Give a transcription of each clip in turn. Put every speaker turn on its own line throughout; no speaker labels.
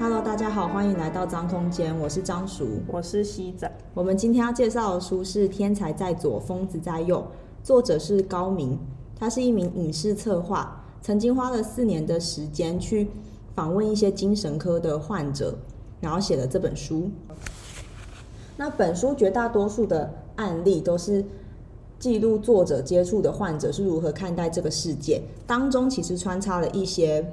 Hello，大家好，歡迎來到髒空間，我是張叔，我是西仔。我們今天要介紹的書是《天才在左，瘋子在右》，作者是高銘，他是一名影視策劃，曾經花了四年的時間去訪問一些精神科的患者，然後寫了這本書。那本書絕大多數的案例都是記錄作者接觸的患者是如何看待這個世界，當中其實穿插了一些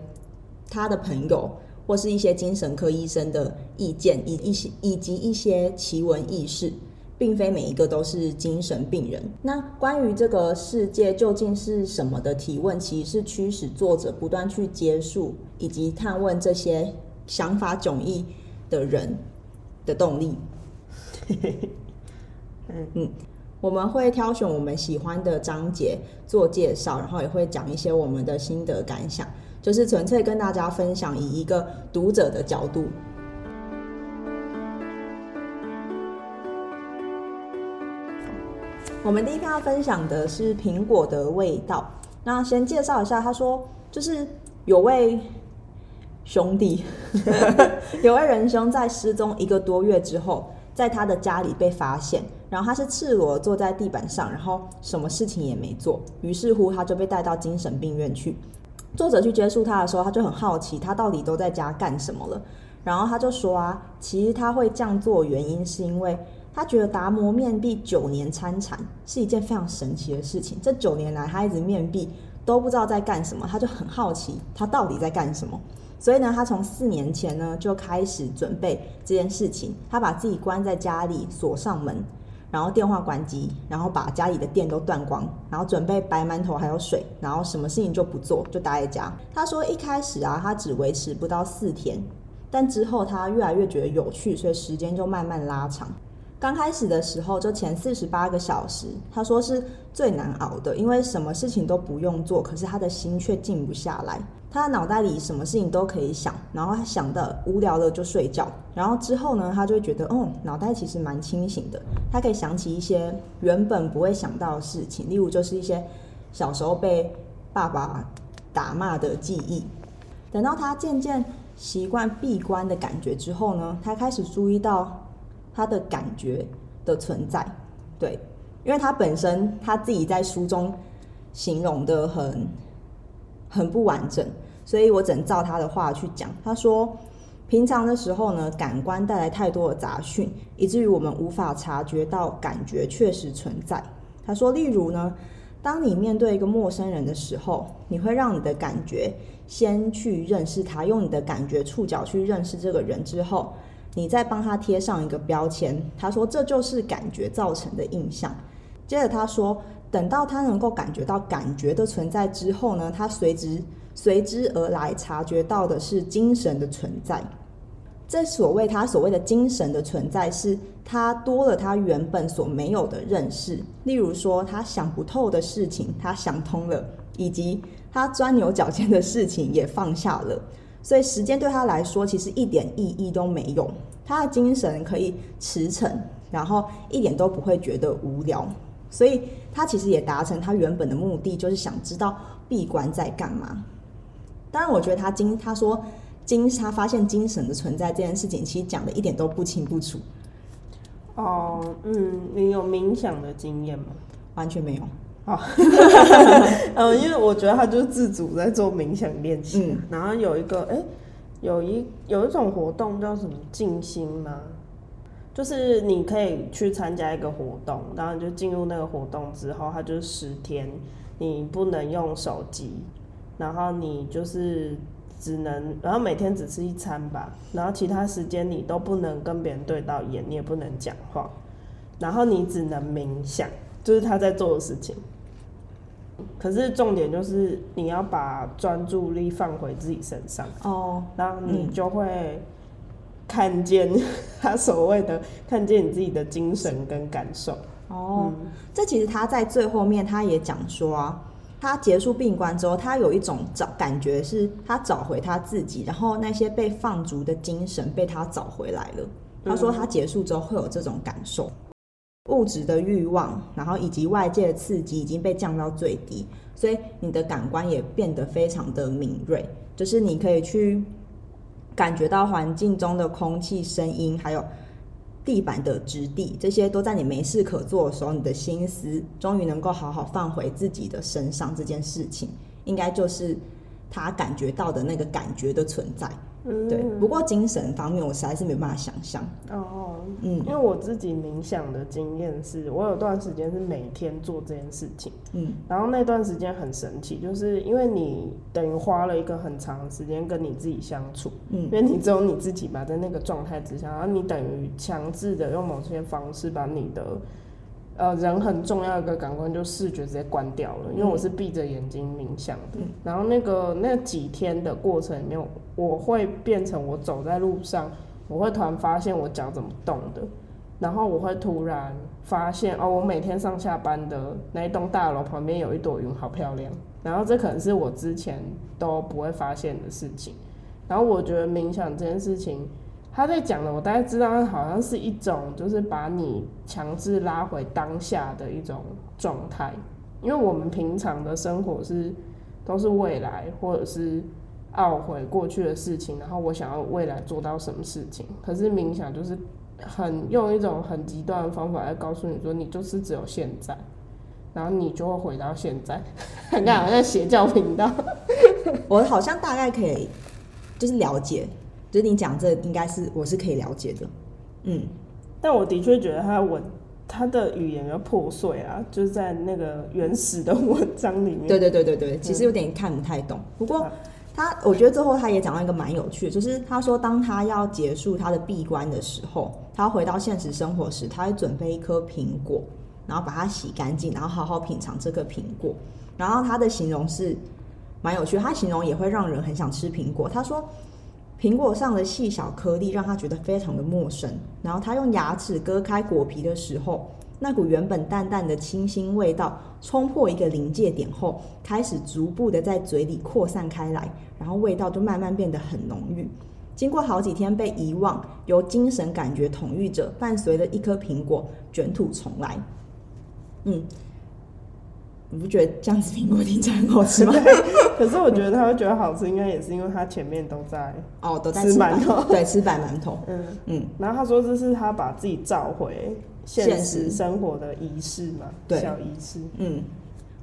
他的朋友，或是一些精神科醫生的意見，以及以及一些奇聞異事，並非每一個都是精神病人。那關於這個世界究竟是什麼的提問，其實是驅使作者不斷去接觸以及探問這些想法迥異的人的動力。嗯 嗯，我們會挑選我們喜歡的章節做介紹，然後也會講一些我們的心得感想。就是純粹跟大家分享，以一個讀者的角度。我們第一天要分享的是蘋果的味道。那先介紹一下，他說，就是有位兄弟 有位仁兄在失蹤一個多月之後，在他的家裡被發現，然後他是赤裸坐在地板上，然後什麼事情也沒做，於是乎他就被帶到精神病院去。作者去接觸他的時候，他就很好奇，他到底都在家幹什麼了。然後他就說啊，其實他會這樣做原因是因為他覺得達摩面壁九年參禪是一件非常神奇的事情。這九年來，他一直面壁都不知道在幹什麼，他就很好奇他到底在幹什麼。所以呢，他從四年前呢就開始準備這件事情，他把自己關在家裡，鎖上門。然後電話關機，然後把家裡的電都斷光，然後準備白饅頭還有水，然後什麼事情就不做，就待在家。他說一開始啊，他只維持不到四天，但之後他越來越覺得有趣，所以時間就慢慢拉長。剛開始的時候，就前四十八個小時，他說是最難熬的，因為什麼事情都不用做，可是他的心卻靜不下來，他的腦袋裡什麼事情都可以想，然後他想的無聊了就睡覺，然後之後呢，他就會覺得，嗯，腦袋其實蠻清醒的，他可以想起一些原本不會想到的事情，例如就是一些小時候被爸爸打罵的記憶。等到他漸漸習慣閉關的感覺之後呢，他開始注意到。他的感覺的存在，對，因為他本身他自己在書中形容得很很不完整，所以我只能照他的話去講。他說，平常的時候呢，感官帶來太多的雜訊，以至於我們無法察覺到感覺確實存在。他說，例如呢，當你面對一個陌生人的時候，你會讓你的感覺先去認識他，用你的感覺觸角去認識這個人之後，你再幫他貼上一個標籤，他說這就是感覺造成的印象。接着他說，等到他能夠感覺到感覺的存在之後呢，他隨之隨之而來察覺到的是精神的存在。這所謂他所謂的精神的存在，是他多了他原本所沒有的認識，例如說他想不透的事情他想通了，以及他鑽牛角尖的事情也放下了。所以時間對他來說其實一點意義都沒有。他的精神可以馳騁，然後一點都不會覺得無聊，所以他其實也達成他原本的目的，就是想知道閉關在幹嘛。當然，我覺得他精他說精他發現精神的存在這件事情，其實講的一點都不清不楚。
哦、呃，嗯，你有冥想的經驗嗎？完全沒有。好、哦 呃，因為我覺得他就是自主在做冥想練習、嗯，然後有一個哎。欸有一有一種活動叫什麼靜心嗎？就是你可以去參加一個活動，然後你就進入那個活動之後，它就十天，你不能用手機，然後你就是只能，然後每天只吃一餐吧，然後其他時間你都不能跟別人對到眼，你也不能講話，然後你只能冥想，就是他在做的事情。可是重點就是你要把專注力放回自己身上哦，然後你就會看見他所謂的看見你自己的精
神跟感受哦、嗯。這其實他在最後面他也講說啊，他結束閉關之後，他有一種找感覺是他找回他自己，然後那些被放逐的精神被他找回來了。嗯、他說他結束之後會有這種感受。物質的欲望，然後以及外界的刺激已經被降到最低，所以你的感官也變得非常的敏銳，就是你可以去感覺到環境中的空氣、聲音，還有地板的質地，這些都在你沒事可做的時候，你的心思終於能夠好好放回自己的身上。這件事情應該就是。他感覺到的那個感覺的存在，
嗯，對。不
過精神方面，我實在是沒辦法想象。
哦，嗯，因
為我自己冥
想的經驗是，我有段時間是每天做這件事情，嗯，然後那段時間很神奇，就是因為你等於花了一個很長的時間跟你自己相處，嗯，因為你只有你自己吧，在那個狀態之下，然後你等於強制的用某些方式把你的。呃，人很重要的一個感官就視覺直接關掉了，因為我是閉着眼睛冥想的。的、嗯。然後那個那幾天的過程裡面，我會變成我走在路上，我會突然發現我腳怎麼動的，然後我會突然發現哦，我每天上下班的那一棟大樓旁邊有一朵雲，好漂亮。然後這可能是我之前都不會發現的事情。然後我覺得冥想這件事情。他在講的，我大概知道，好像是一種，就是把你強制拉回當下的一種狀態。因為我們平常的生活是都是未來，或者是懊悔過去的事情，然後我想要未來做到什麼事情。可是冥想就是很用一種很極端的方法來告訴你說，你就是只有現在，然後你就會回到現在。
嗯。 你看，好像邪教頻道。 我好像大概可以，就是了解。就你講這應該是我是可以了解的，嗯，
但我的確覺得他的文他的語言要破碎啊，就是在那個原始的文章裡面，對對對對對，對，
其實有點看不太懂。不過他我覺得最後他也講到一個蠻有趣的，就是他說，當他要結束他的閉關的時候，他回到現實生活時，他會準備一顆蘋果，然後把它洗乾淨，然後好好品嚐這個蘋果。然後他的形容是蠻有趣的，他形容也會讓人很想吃蘋果。他說。蘋果上的細小顆粒讓他覺得非常的陌生，然後他用牙齒割開果皮的時候，那股原本淡淡的清新味道衝破一個臨界點後，開始逐步的在嘴裡擴散開來，然後味道就慢慢變得很濃郁。經過好幾天被遺忘，由精神感覺統御者伴隨了一顆蘋果卷土重來，嗯。你不覺得蘋這樣子蘋果丁餐好吃嗎？
可是我覺得他會覺得好吃，應該也是因為他前面都在吃饅頭 哦，都吃饅頭， 對，吃白饅頭，嗯嗯。然後他說這是他把自己召回現實生活的儀式嘛，對，小儀式。
嗯，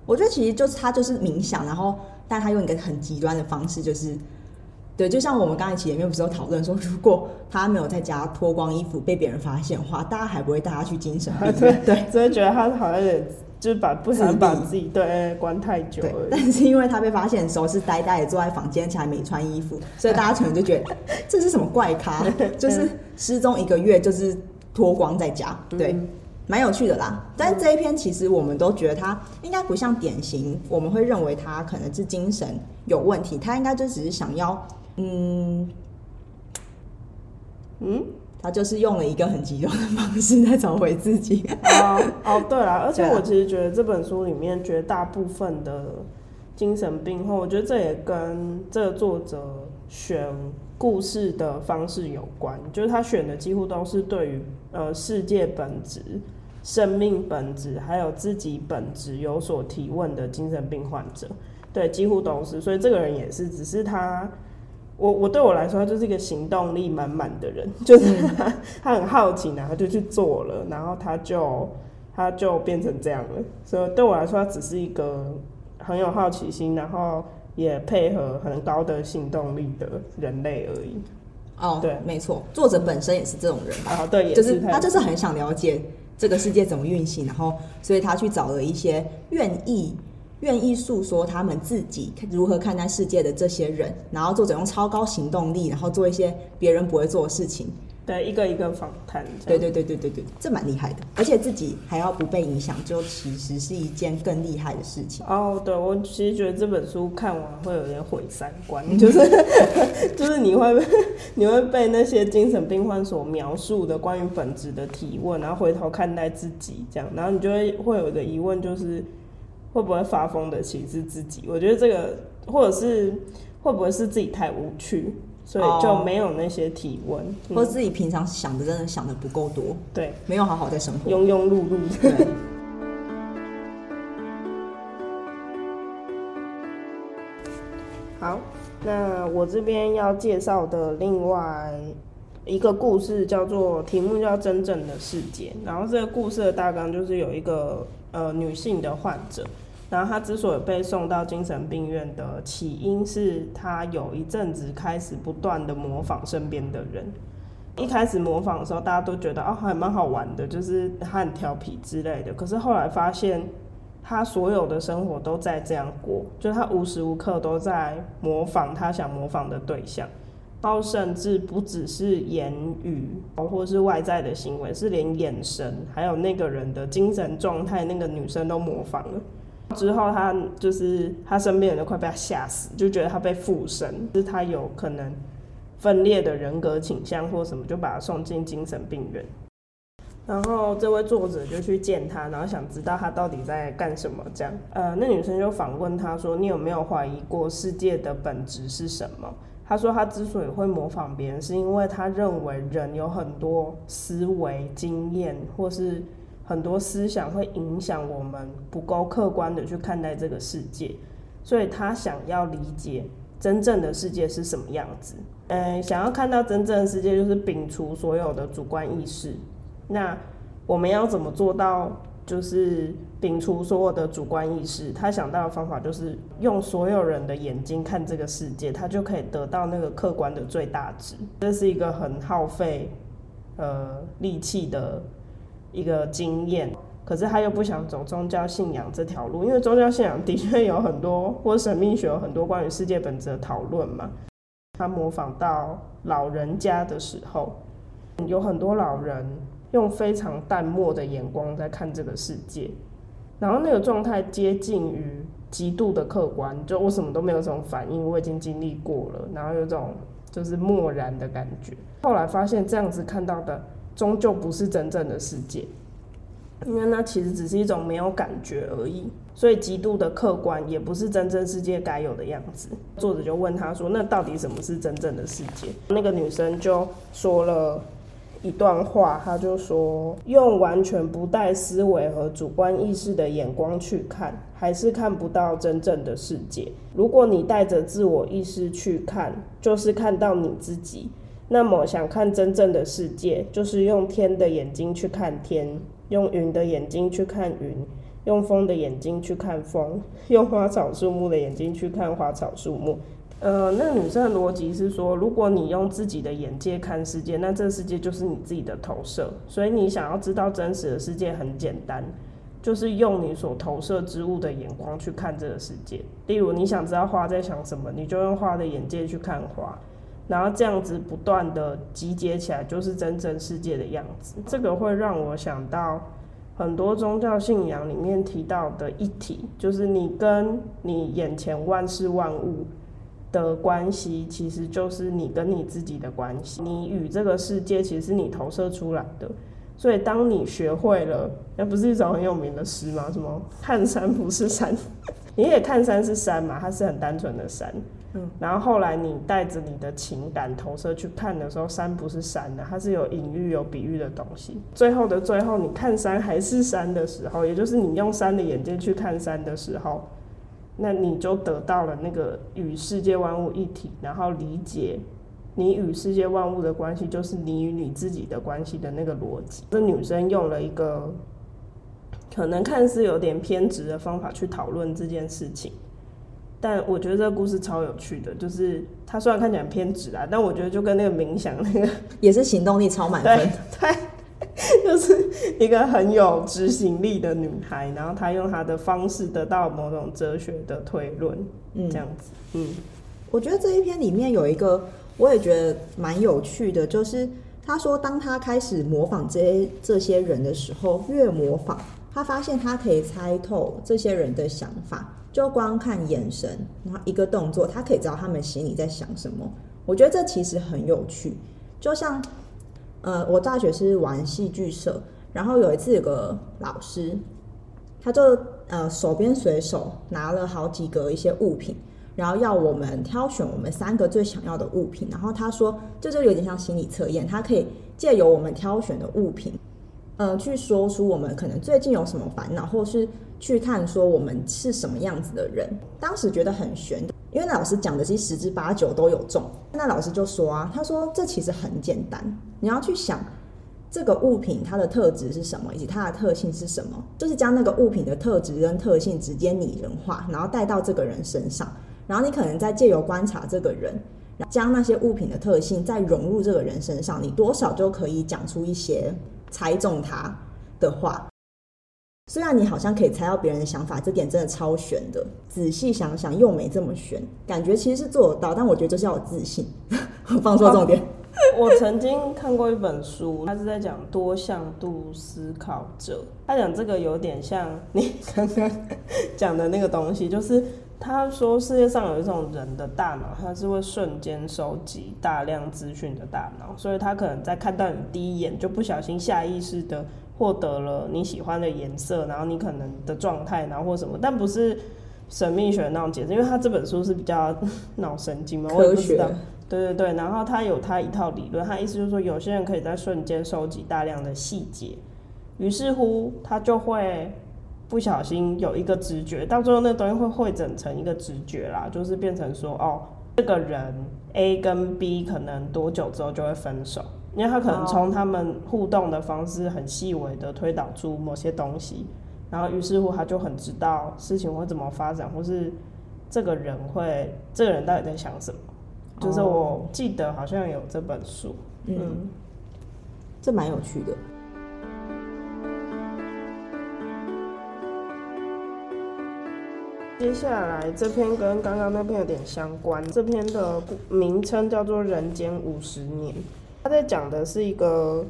我覺得其實就是他就是冥想，然後但他用一個很極端的方式，就是對，就像我們剛才前面不是有討論說，如果他沒有在家脫光衣服被別人發現的話，大家還不會帶他去精神。對對，所以覺得他好像有點。就是把不想把自己對關太久，但是因為他被發現的時候是呆呆的坐在房間，而且沒穿衣服，所以大家可能就覺得這是什麼怪咖， 就是失蹤一個月就是脫光在家，對，蠻、嗯、有趣的啦。但這一篇其實我們都覺得他應該不像典型，我們會認為他可能是精神有問題，他應該就只是想要嗯嗯。嗯他就是用了一個很極端的方式在找回自己。
啊哦，對了，而且我其實覺得這本書裡面絕大部分的精神病患，我覺得這也跟這作者選故事的方式有關。就是他選的幾乎都是對於呃世界本質、生命本質，還有自己本質有所提問的精神病患者。對，幾乎都是，所以這個人也是，只是他。我我對我來說，他就是一個行動力滿滿的人，就是他、嗯、他很好奇然、啊、他就去做了，然後他就他就變成這樣了。所以對我來說，他只是一個很有好奇心，然後也配合很高的行動力的人類而已。哦，
對，沒錯，作者本身也是這種人啊、哦，對，就是他就是很想了解這個世界怎麼運行，然後所以他去找了一些願意。願意訴說他們自己如何看待世界的這些人，然後作者用超高行動力，然後做一些別人不會做的事情。對，一個一個訪談。對對對對對對，這蠻厲害的，而且自己還要不被影響，就其實是一件更厲害的事情。哦、oh，對，我其實覺得這本書看完會有點毀三觀， 就是就是你會
你會被那些精神病患所描述的關於本質的提問，然後回頭看待自己這樣，然後你就會會有一個疑問就是，嗯會不會發瘋的其實是自己？我覺得這個，或者是會不會是自己太無趣，所以就沒
有那些體溫、哦嗯，或自己平常想的真的想的不夠多，對，沒有好好在生活庸庸碌碌。庸庸碌碌
好，那我這邊要介紹的另外一個故事叫做題目叫《真正的世界》，然後這個故事的大綱就是有一個呃女性的患者。然後他之所以被送到精神病院的起因是他有一陣子開始不斷的模仿身邊的人。一開始模仿的時候，大家都覺得哦還蠻好玩的，就是他很調皮之類的。可是後來發現，他所有的生活都在這樣過，就他無時無刻都在模仿他想模仿的對象，包括甚至不只是言語，或者是外在的行為，是連眼神還有那個人的精神狀態，那個女生都模仿了。之後，他就是他身邊的人都快被他嚇死，就覺得他被附身，就是他有可能分裂的人格傾向或什麼，就把他送進精神病院。然後這位作者就去見他，然後想知道他到底在幹什麼。這樣，呃，那女生就反問他說：“你有沒有懷疑過世界的本質是什麼？”他說：“他之所以會模仿別人，是因為他認為人有很多思維經驗，或是。”很多思想會影響我們不夠客觀的去看待這個世界，所以他想要理解真正的世界是什麼樣子。嗯，想要看到真正的世界，就是摒除所有的主觀意識。那我們要怎麼做到？就是摒除所有的主觀意識。他想到的方法就是用所有人的眼睛看這個世界，他就可以得到那個客觀的最大值。這是一個很耗費，呃，力氣的。一個經驗，可是他又不想走宗教信仰這條路，因為宗教信仰的確有很多，或者神秘學有很多關於世界本質的討論嘛。他模仿到老人家的時候，有很多老人用非常淡漠的眼光在看這個世界，然後那個狀態接近於極度的客觀，就我什麼都沒有這種反應，我已經經歷過了，然後有種就是漠然的感覺。後來發現這樣子看到的。終究不是真正的世界，因為那其實只是一種沒有感覺而已，所以極度的客觀也不是真正世界該有的樣子。作者就問他說：“那到底什麼是真正的世界？”那個女生就說了一段話，她就說：“用完全不帶思維和主觀意識的眼光去看，還是看不到真正的世界。如果你帶着自我意識去看，就是看到你自己。”那麼想看真正的世界，就是用天的眼睛去看天，用雲的眼睛去看雲，用風的眼睛去看風，用花草樹木的眼睛去看花草樹木。呃，那個女生的邏輯是說，如果你用自己的眼界看世界，那這個世界就是你自己的投射。所以你想要知道真實的世界很簡單，就是用你所投射之物的眼光去看這個世界。例如，你想知道花在想什麼，你就用花的眼界去看花。然後這樣子不斷的集結起來，就是真正世界的樣子。這個會讓我想到很多宗教信仰裡面提到的一體，就是你跟你眼前萬事萬物的關係，其實就是你跟你自己的關係。你與這個世界，其實是你投射出來的。所以當你學會了，那、啊、不是一首很有名的詩嗎？什麼？看山不是山， 你也看山是山嘛？它是很單純的山。然後後來你帶着你的情感投射去看的時候，山不是山的，啊，它是有隱喻、有比喻的東西。最後的最後，你看山還是山的時候，也就是你用山的眼睛去看山的時候，那你就得到了那個與世界萬物一體，然後理解你與世界萬物的關係，就是你與你自己的關係的那個邏輯。這女生用了一個可能看似有點偏執的方法去討論這件事情。但我覺得這個故事超有趣的，就是他雖然看起來偏執啊，但我覺得就跟那個
冥想那個也是行動力超滿分的。
對，對，就是一個很有執行力的女孩，然後她用她的方式得到某種哲學的推
論。嗯，這樣子，嗯，我覺得這一篇裡面有一個我也覺得蠻有趣的，就是他說當他開始模仿這些這些人的時候，越模仿，他發現他可以猜透這些人的想法。就光看眼神，然後一個動作，他可以知道他們心裡在想什麼。我覺得這其實很有趣。就像，呃，我大學是玩戲劇社，然後有一次有個老師，他就呃手邊隨手拿了好幾個一些物品，然後要我們挑選我們三個最想要的物品。然後他說，就這就有點像心理測驗，他可以借由我們挑選的物品，呃，去說出我們可能最近有什麼煩惱，或是。去看說我們是什麼樣子的人，當時覺得很玄，因為那老師講的其實十之八九都有中。那老師就說啊，他說這其實很簡單，你要去想這個物品它的特質是什麼以及它的特性是什麼，就是將那個物品的特質跟特性直接擬人化，然後帶到這個人身上，然後你可能再借由觀察這個人，將那些物品的特性再融入這個人身上，你多少就可以講出一些猜中他的話。雖然你好像可以猜到別人的想法，這點真的超懸的。仔細想想，又沒這麼懸，感覺其實是做得到，但我覺得這是要有自信。呵呵放鬆重點。
我曾經看過一本書，他是在講多向度思考者。他講這個有點像你剛剛講的那個東西，就是他說世界上有一種人的大腦，他是會瞬間收集大量資訊的大腦，所以他可能在看到你第一眼就不小心下意識的，獲得了你喜歡的顏色，然後你可能的狀態，然後或什麼，但不是神秘學的那種解釋，因為他這本書是比較腦神經嘛，我也不知道，科學，對對對，然後他有他一套理論，他意思就是說，有些人可以在瞬間收集大量的細節，於是乎他就會不小心有一個直覺，到最後那東西會匯整成一個直覺啦，就是變成說，哦，這個人 A 跟 B 可能多久之後就會分手。因為他可能從他們互動的方式很細微的推導出某些東西，然後於是乎他就很知道事情會怎麼發展，或是這個人會這個人到底在想什麼。Oh. 就是我記得好像有這本書，嗯，嗯
這蠻有趣的。
接下來這篇跟剛剛那篇有點相關，這篇的名稱叫做《人間五十年》。他在講的是一個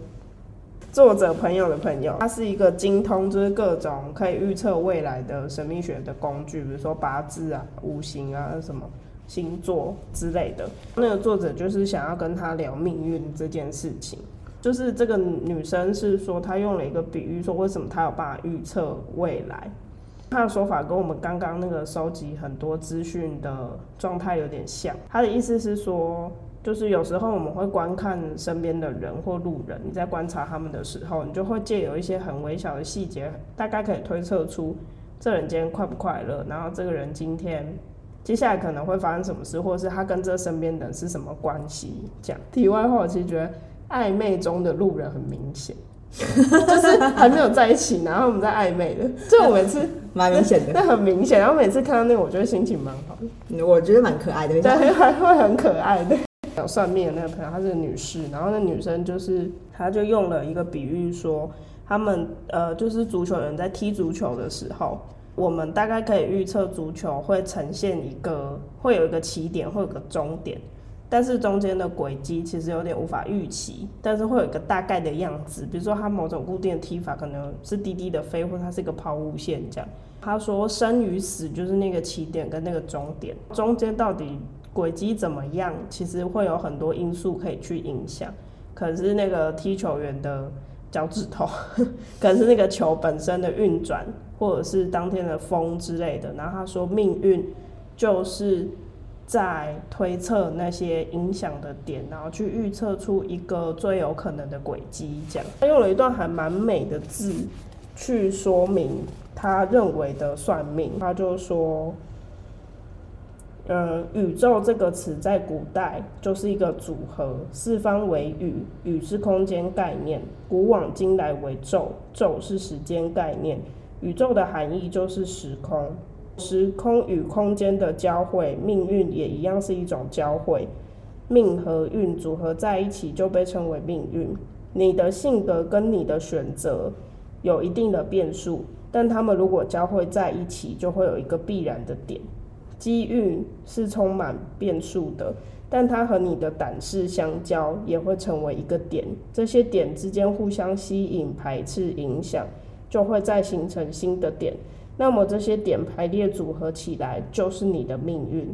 作者朋友的朋友，他是一個精通就是各種可以預測未來的神秘學的工具，比如說八字啊、五行啊、什麼星座之類的。那個作者就是想要跟他聊命運這件事情，就是這個女生是說她用了一個比喻，說為什麼她有辦法預測未來，她的說法跟我們剛剛那個收集很多資訊的狀態有點像。她的意思是說。就是有時候我們會觀看身邊的人或路人，你在觀察他們的時候，你就會借由一些很微小的細節，大概可以推測出這人今天快不快樂，然後這個人今天接下來可能會發生什麼事，或者是他跟這身邊的人是什麼關係。這樣。題外話，我其實覺得曖昧中的路人很明顯，就是還沒有在一起，然後我們在曖昧的，就我每次蠻 明顯的那，但很明顯。然後每次看到那個，我覺得心情
蠻好，我覺得蠻可愛的，對，
還會很可愛的。講算命的那個朋友，她是女士，然後那女生就是，她就用了一個比喻說，他們呃，就是足球員在踢足球的時候，我們大概可以預測足球會呈現一個，會有一個起點，會有一個終點，但是中間的軌跡其實有點無法預期，但是會有一個大概的樣子，比如說他某種固定踢法可能是滴滴的飛，或者它是一個拋物線這樣。她說生與死就是那個起點跟那個終點，中間到底，軌跡怎麼樣？其實會有很多因素可以去影響，可能是那個踢球員的腳趾頭，可能是那個球本身的運轉，或者是當天的風之類的。然後他說，命運就是在推測那些影響的點，然後去預測出一個最有可能的軌跡。這樣，他用了一段還蠻美的字去說明他認為的算命。他就說。嗯、呃，宇宙這個詞在古代就是一個組合，四方為宇，宇是空間概念，古往今來為宙，宙是時間概念。宇宙的含義就是時空，時空與空間的交匯，命運也一樣是一種交匯。命和運組合在一起就被稱為命運。你的性格跟你的選擇有一定的變數，但他們如果交匯在一起，就會有一個必然的點。機遇是充滿變數的，但它和你的膽識相交，也會成為一個點。這些點之間互相吸引、排斥、影響，就會再形成新的點。那麼這些點排列組合起來，就是你的命運。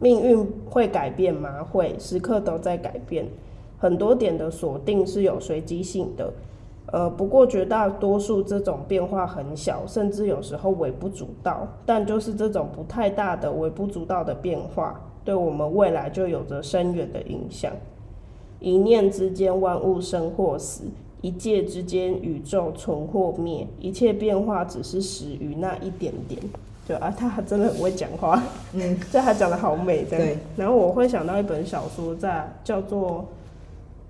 命運會改變嗎？會，時刻都在改變。很多點的鎖定是有隨機性的。呃，不過絕大多數這種變化很小，甚至有時候微不足道。但就是這種不太大的、微不足道的變化，對我們未來就有着深遠的影響。一念之間，萬物生或死；一界之間，宇宙存或滅。一切變化，只是始於那一點點。對啊，他還真的很會講話。嗯，這 還講得好美，嗯，對。然後我會想到一本小說在，在叫做，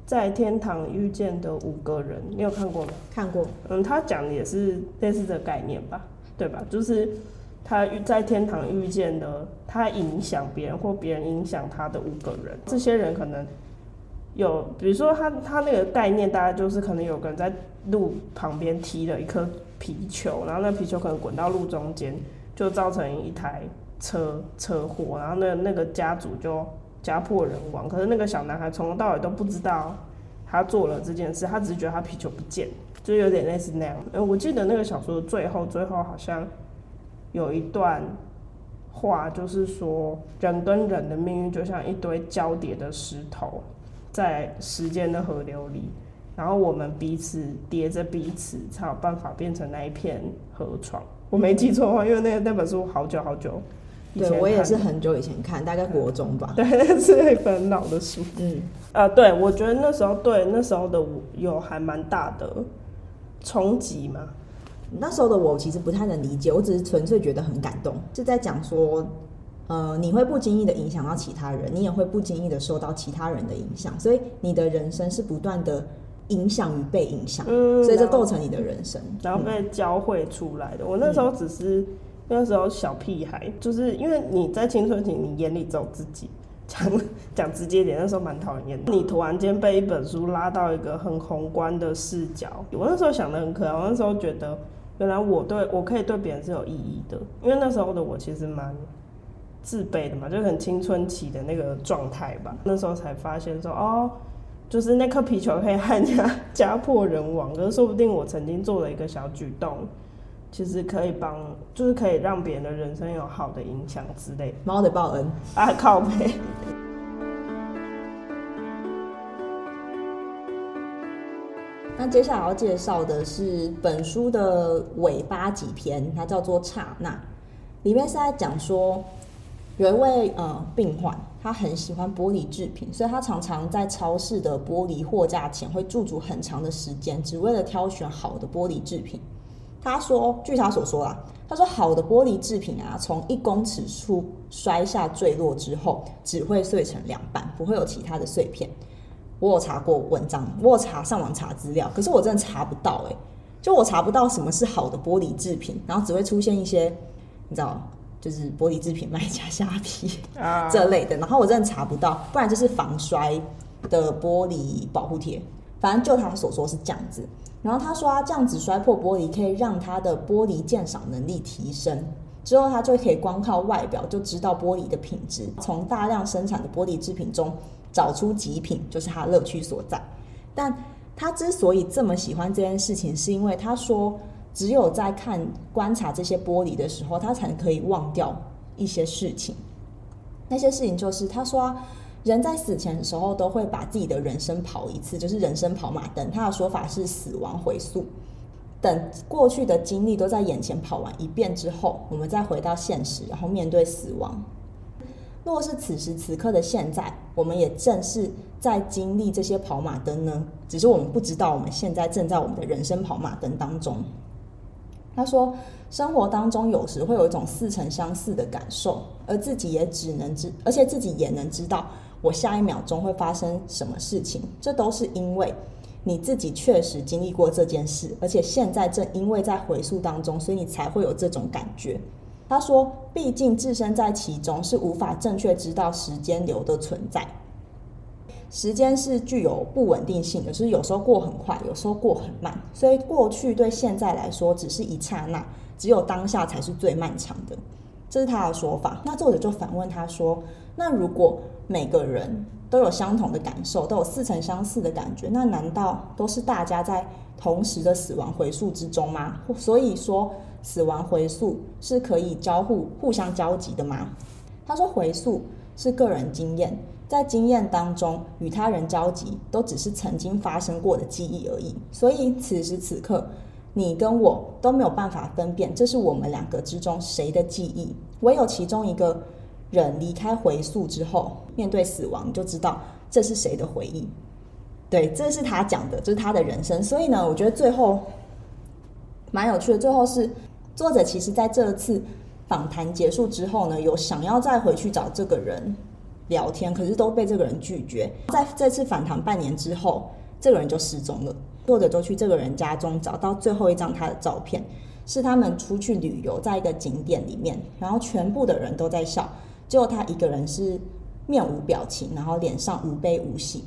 在天堂遇見的五個人，你有看過嗎？看過，嗯，他講的也是類似的概念吧，對吧？就是他遇在天堂遇見的，他影響別人或別人影響他的五個人。這些人可能有，比如說他他那個概念大概就是，可能有個人在路旁邊踢了一顆皮球，然後那皮球可能滾到路中間，就造成一台車車禍，然後那個、那個家族就。家破人亡，可是那個小男孩從頭到尾都不知道他做了這件事，他只是覺得他皮球不見，就有點類似那樣。欸，我記得那個小說的最後最後好像有一段話，就是說人跟人的命運就像一堆交疊的石頭，在時間的河流裡，然後我們彼此疊着彼此，才有辦法變成那一片河床。我沒記錯的話，因為那個，那本書好久好久。對，我也是很
久以前，以前看，大概國中吧。
對，那是一本老的書。 嗯。啊，對，我覺得那時候，對那時候的我有還蠻大的衝擊嘛。
那時候的我其實不太能理解，我只是純粹覺得很感動。就在講說，呃，你會不經意的影響到其他人，你也會不經意的受到其他人的影響，所以你的人生是不斷的影響與被影響、嗯，所以這構成你的人生然，然後被
教會出來的。嗯、我那時候只是。那時候小屁孩，就是因為你在青春期，你眼裡只有自己。講講直接點，那時候蠻討厭的。你突然間被一本書拉到一個很宏觀的視角，我那時候想的很可愛。我那時候覺得，原來我對我可以對別人是有意義的，因為那時候的我其實蠻自卑的嘛，就很青春期的那個狀態吧。那時候才發現說，哦，就是那顆皮球可以害人家家破人亡，可是說不定我曾經做了一個小舉動。其實可以幫，就是可以讓別人的人生有好的影響之類
的。貓得報恩，啊靠北。 那接下來要介紹的是本書的尾巴幾篇，它叫做《剎那》，裡面是在講說，有一位呃病患，他很喜歡玻璃製品，所以他常常在超市的玻璃貨架前會駐足很長的時間，只為了挑選好的玻璃製品。他說：“據他所說啦，他說好的玻璃制品啊，從一公尺處摔下墜落之後，只會碎成兩半，不會有其他的碎片。我有查過文章，我有查上網查資料，可是我真的查不到哎、欸，就我查不到什麼是好的玻璃制品，然後只會出現一些你知道，就是玻璃制品賣家蝦皮啊這類的，然後我真的查不到，不然就是防摔的玻璃保護貼，反正就他所說是這樣子。”然後他說啊：“這樣子摔破玻璃可以讓他的玻璃鑑賞能力提升，之後他就可以光靠外表就知道玻璃的品質，從大量生產的玻璃制品中找出極品，就是他的樂趣所在。但他之所以這麼喜歡這件事情，是因為他說，只有在看觀察這些玻璃的時候，他才可以忘掉一些事情。那些事情就是他說啊。”人在死前的時候，都會把自己的人生跑一次，就是人生跑馬燈。他的說法是死亡回溯，等過去的經歷都在眼前跑完一遍之後，我們再回到現實，然後面對死亡。若是此時此刻的現在，我們也正是在經歷這些跑馬燈呢？只是我們不知道，我們現在正在我們的人生跑馬燈當中。他說，生活當中有時會有一種似曾相似的感受，而自己也只能知，而且自己也能知道。我下一秒鐘會發生什麼事情？這都是因為你自己確實經歷過這件事，而且現在正因為在回溯當中，所以你才會有這種感覺。他說：“畢竟置身在其中，是無法正確知道時間流的存在。時間是具有不穩定性的，就是，有時候過很快，有時候過很慢。所以過去對現在來說只是一剎那，只有當下才是最漫長的。”這是他的說法。那作者就反問他說：“那如果？”每個人都有相同的感受，都有似曾相識的感覺。那難道都是大家在同時的死亡回溯之中嗎？所以說，死亡回溯是可以交互、互相交集的嗎？他說，回溯是個人經驗，在經驗當中與他人交集，都只是曾經發生過的記憶而已。所以此時此刻，你跟我都沒有辦法分辨，這是我們兩個之中誰的記憶，唯有其中一個人離開回溯之後，面對死亡你就知道這是誰的回憶。對，這是他講的，這是他的人生。所以呢，我覺得最後蠻有趣的。最後是作者其實在這次訪談結束之後呢，有想要再回去找這個人聊天，可是都被這個人拒絕。在這次訪談半年之後，這個人就失蹤了。作者就去這個人家中找到最後一張他的照片，是他們出去旅遊，在一個景點裡面，然後全部的人都在笑。最後他一個人是面無表情，然後臉上無悲無喜。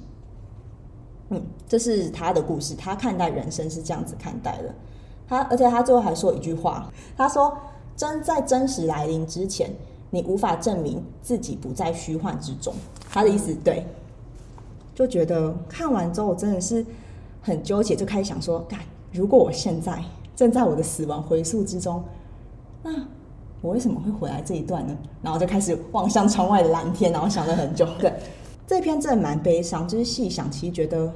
嗯，這是他的故事，他看待人生是這樣子看待的。他而且他最後還說一句話，他說真在真實來臨之前，你無法證明自己不在虛幻之中。他的意思對，就覺得看完之後我真的是很糾結，就開始想說，幹，如果我現在正在我的死亡回溯之中，那、啊。我為什麼會回來這一段呢？然後就開始望向窗外的藍天，然後想了很久。對，這篇真的蠻悲傷，就是細想其實覺得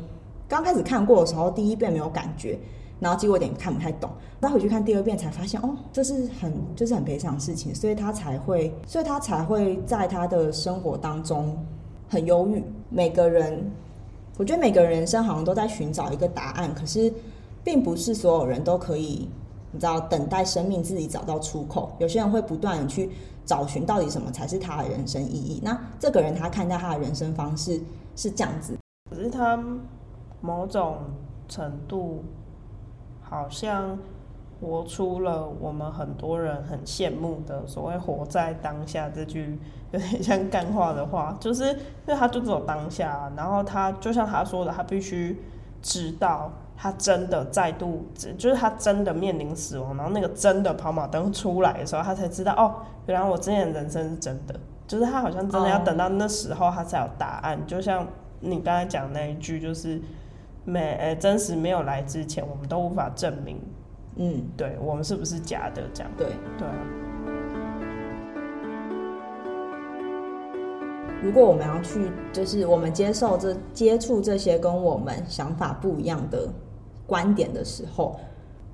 剛開始看過的時候，第一遍沒有感覺，然後結果有點看不太懂，那回去看第二遍才發現，哦，這是很，就是很悲傷的事情，所以他才會，所以他才會在他的生活當中很憂鬱。每個人，我覺得每個人人生好像都在尋找一個答案，可是並不是所有人都可以。你知道，等待生命自己找到出口。有些人會不斷的去找尋到底什麼才是他的人生意義。那這個人，他看待他的人生方式是這樣子。
可是他某種程度
好像活
出了我們很多人很羨慕的所謂“活在當下”這句有點像幹話的話，就是因為他就只有當下，然後他就像他說的，他必須知道。他真的再度，就是他真的面臨死亡，然後那個真的跑馬燈出來的時候，他才知道哦，原來我之前的人生是真的。就是他好像真的要等到那時候，他才有答案。Oh. 就像你剛才講的那一句，就是沒、欸、真實沒有來之前，我們都無法證明，嗯，對
我們是不是假的這樣？對對。如果我們要去，就是我們接受這接觸這些跟我們想法不一樣的。觀點的時候，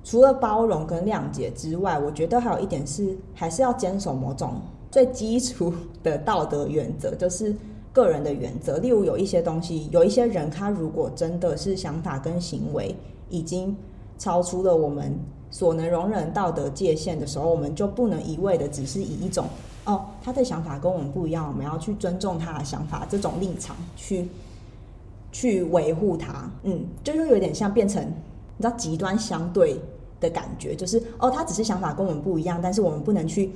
除了包容跟諒解之外，我覺得還有一點是，還是要堅守某種最基礎的道德原則，就是個人的原則。例如，有一些東西，有一些人，他如果真的是想法跟行為已經超出了我們所能容忍道德界限的時候，我們就不能一味的只是以一種“哦，他的想法跟我們不一樣，我們要去尊重他的想法”這種立場去去維護他，嗯，就是有點像變成你知道極端相對的感覺，就是哦，他只是想法跟我們不一樣，但是我們不能去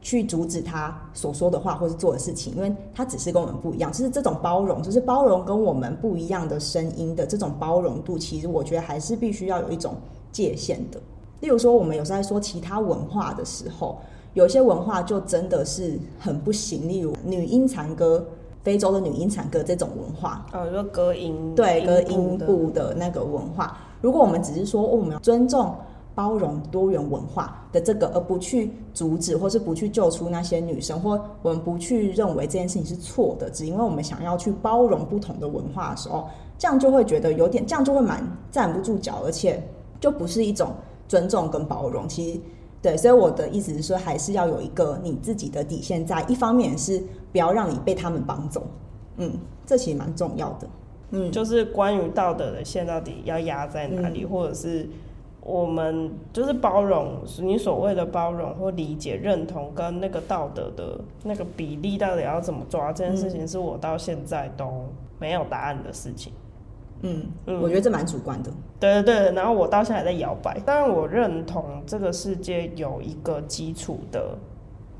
去阻止他所說的話或是做的事情，因為他只是跟我們不一樣。就是這種包容，就是包容跟我們不一樣的聲音的這種包容度，其實我覺得還是必須要有一種界限的。例如說，我們有時候在說其他文化的時候，有些文化就真的是很不行，例如女陰殘割，非洲的女陰殘割這種文化，呃、哦，就割陰，對，割陰部，割陰部的那個文化。如果我們只是說我們要尊重、包容多元文化的這個，而不去阻止或是不去救出那些女生，或我們不去認為這件事情是錯的，只因為我們想要去包容不同的文化的時候，這樣就會覺得有點，這樣就會蠻站不住腳，而且就不是一種尊重跟包容。其實。對，所以我的意思是說，還是要有一個你自己的底線在。一方面是不要讓你被他們綁走，嗯，這其實蠻重要的。嗯，
就是關於道德的線到底要壓在哪裡、嗯，或者是我們就是包容你所謂的包容或理解認同跟那個道德的那個比例到底要怎麼抓，這件事情是我到現在都沒有答案的事情。嗯嗯，我覺得這蠻主觀的，嗯。對對對，然後我到現在還在搖擺。當然，我認同這個世界有一個基礎的，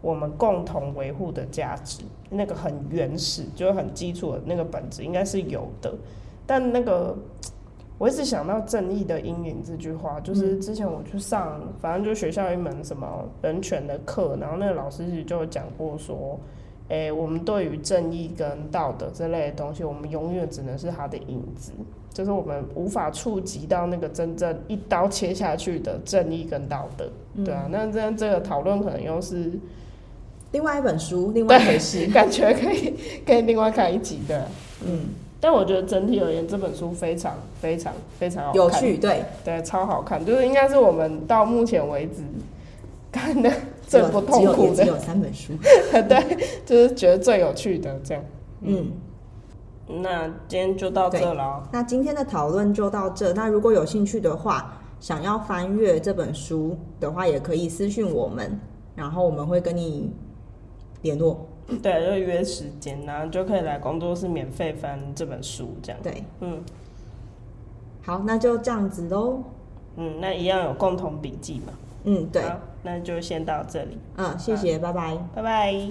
我們共同維護的價值，那個很原始，就是很基礎的那個本質，應該是有的。但那個，我一直想到“正義的陰影”這句話，就是之前我去上，反正就學校一門什麼人權的課，然後那個老師就講過說，哎、欸，我們對於正義跟道德這類的東西，我們永遠只能是他的影子，就是我們無法觸及到那個真正一刀切下去的正義跟道德，嗯、對啊。那這樣這個討論可能又是另外一本書，另外一本書，感覺可以可以另外看一集的。嗯，但我覺得整體而言，這本書非常非常非常好看，有趣，對對，超好看，就是應該是我們到目前為止
看的。最不痛苦的只有，只有三本書。 對，就是覺得最有趣的這樣。嗯，
那今天
就到這了。那今天的討論就到這。那如果有興趣的話，想要翻閱這本書的話，也可以私信我們，然後我們會跟你聯絡。
對，就約時間、啊，然、嗯、後就可以來工作室免費翻這本書這樣。對，嗯。好，那就這樣子嘍。嗯，那一樣有共同筆記嘛？嗯，對。啊那就先到這裡，嗯，謝謝，拜拜，拜拜。